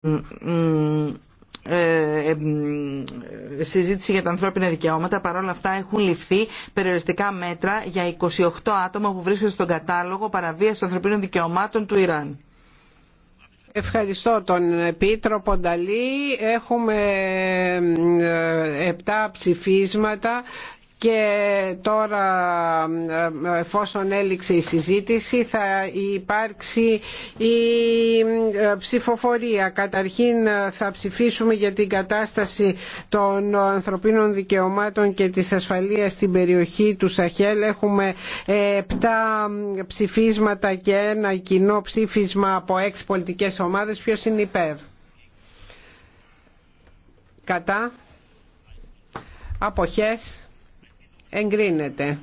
Ε, ε, ε, συζήτηση για τα ανθρώπινα δικαιώματα παρόλα αυτά έχουν ληφθεί περιοριστικά μέτρα για 28 άτομα που βρίσκονται στον κατάλογο παραβίαση των ανθρωπίνων δικαιωμάτων του Ιράν. Ευχαριστώ τον Πίτρο Πονταλή. Έχουμε 7 ψηφίσματα και τώρα ε, εφόσον έληξε η συζήτηση θα υπάρξει η ε, ψηφοφορία. Καταρχήν ε, θα ψηφίσουμε για την κατάσταση των ανθρωπίνων δικαιωμάτων και της ασφαλείας στην περιοχή του Σαχέλ. Έχουμε 7 ψηφίσματα και ένα κοινό ψήφισμα από έξι πολιτικές ομάδες. Ποιος είναι υπέρ. Κατά. Αποχές εγκρίνεται.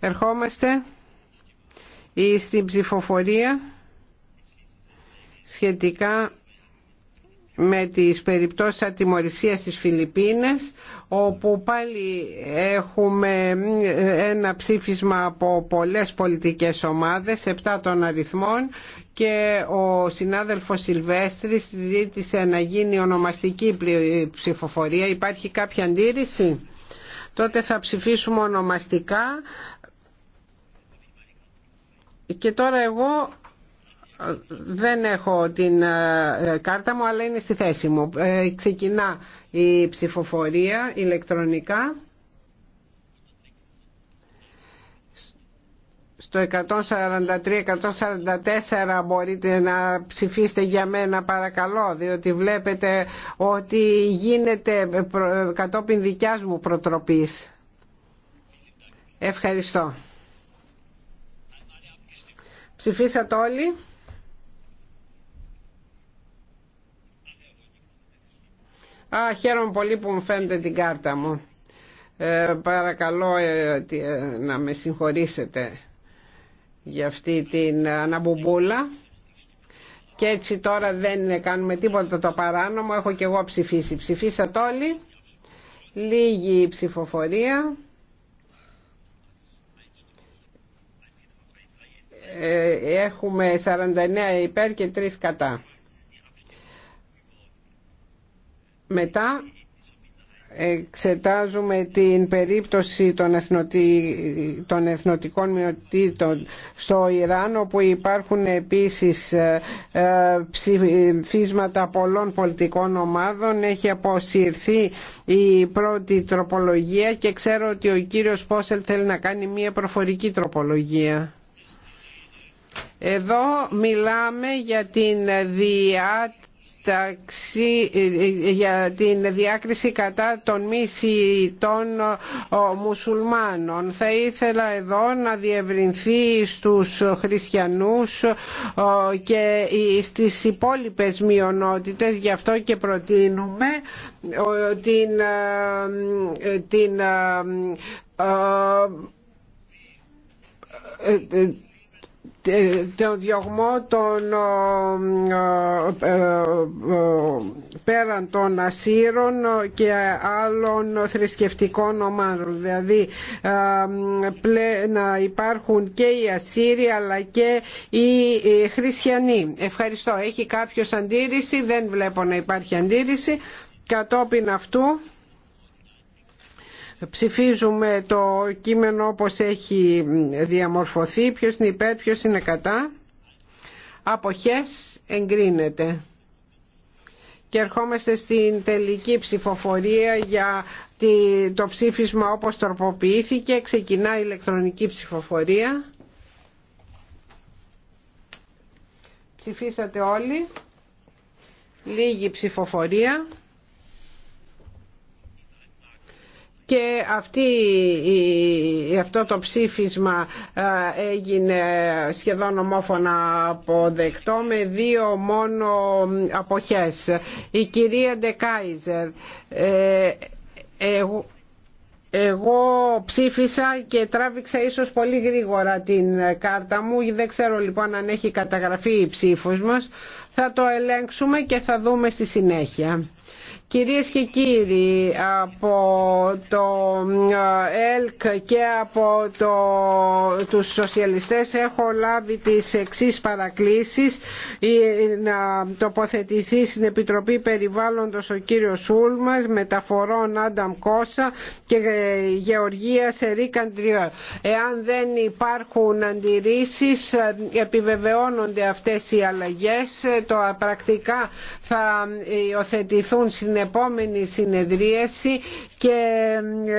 Ερχόμαστε στην ψηφοφορία σχετικά με τις περιπτώσεις ατιμορρησίας στις Φιλιππίνες όπου πάλι έχουμε ένα ψήφισμα από πολλές πολιτικές ομάδες, 7 των αριθμών και ο συνάδελφος Σιλβέστρης ζήτησε να γίνει ονομαστική ψηφοφορία. Υπάρχει κάποια αντίρρηση? τότε θα ψηφίσουμε ονομαστικά και τώρα εγώ ε, δεν έχω την ε, κάρτα μου αλλά είναι στη θέση μου. Ε, ξεκινά η ψηφοφορία ηλεκτρονικά. στο 143-144 μπορείτε να ψηφίσετε για μένα παρακαλώ διότι βλέπετε ότι γίνεται κατόπιν δικιάς μου προτροπής. Ευχαριστώ. Ψηφίσατε όλοι. Α, χαίρομαι πολύ που μου φαίνεται την κάρτα μου. Ε, παρακαλώ ε, ε, να με συγχωρήσετε για αυτή την αναμπομπούλα και έτσι τώρα δεν κάνουμε τίποτα το παράνομο έχω και εγώ ψηφίσει ψηφίσατε όλοι λίγη ψηφοφορία ε, έχουμε 49 υπέρ και 3 κατά μετά εξετάζουμε την περίπτωση των, εθνοτι... των εθνοτικών μειοτήτων στο Ιράν όπου υπάρχουν επίσης ε, ε, ψηφίσματα πολλών πολιτικών ομάδων έχει αποσυρθεί η πρώτη τροπολογία και ξέρω ότι ο κύριος Πόσελ θέλει να κάνει μια προφορική τροπολογία. Εδώ μιλάμε για την διάρκεια. Ε, ε, για την διάκριση κατά των μη των μουσουλμάνων. Θα ήθελα εδώ να διευρυνθεί στους χριστιανούς και στις υπόλοιπες μειονότητες, γι' αυτό και προτείνουμε την ε, το διωγμό των πέραν των ασύρων και άλλων θρησκευτικών ομάδων δηλαδή να υπάρχουν και οι ασύροι αλλά και οι χριστιανοί ευχαριστώ έχει κάποιος αντίρρηση δεν βλέπω να υπάρχει αντίρρηση κατόπιν αυτού Ψηφίζουμε το κείμενο όπως έχει διαμορφωθεί. Ποιος είναι υπέρ, ποιος είναι κατά. Αποχές εγκρίνεται. Και ερχόμαστε στην τελική ψηφοφορία για το ψήφισμα όπως τροποποιήθηκε. Ξεκινά η ηλεκτρονική ψηφοφορία. Ψηφίσατε όλοι. Λίγη ψηφοφορία. και αυτή, αυτό το ψήφισμα έγινε σχεδόν ομόφωνα αποδεκτό με δύο μόνο αποχές. Η κυρία Ντεκάιζερ, ε, ε, εγώ εγώ ψήφισα και τράβηξα ίσως πολύ γρήγορα την κάρτα μου. Δεν ξέρω λοιπόν αν έχει καταγραφεί η ψήφος μας. Θα το ελέγξουμε και θα δούμε στη συνέχεια. Κυρίες και κύριοι, από το ε, ΕΛΚ και από το, τους σοσιαλιστές έχω λάβει τις εξής παρακλήσεις να τοποθετηθεί στην Επιτροπή Περιβάλλοντος ο κύριος Σούλμας, μεταφορών Άνταμ Κόσα και ε, Γεωργία σε Εάν δεν υπάρχουν αντιρρήσει, επιβεβαιώνονται αυτέ οι αλλαγέ. Το πρακτικά θα υιοθετηθούν στην επόμενη συνεδρίαση και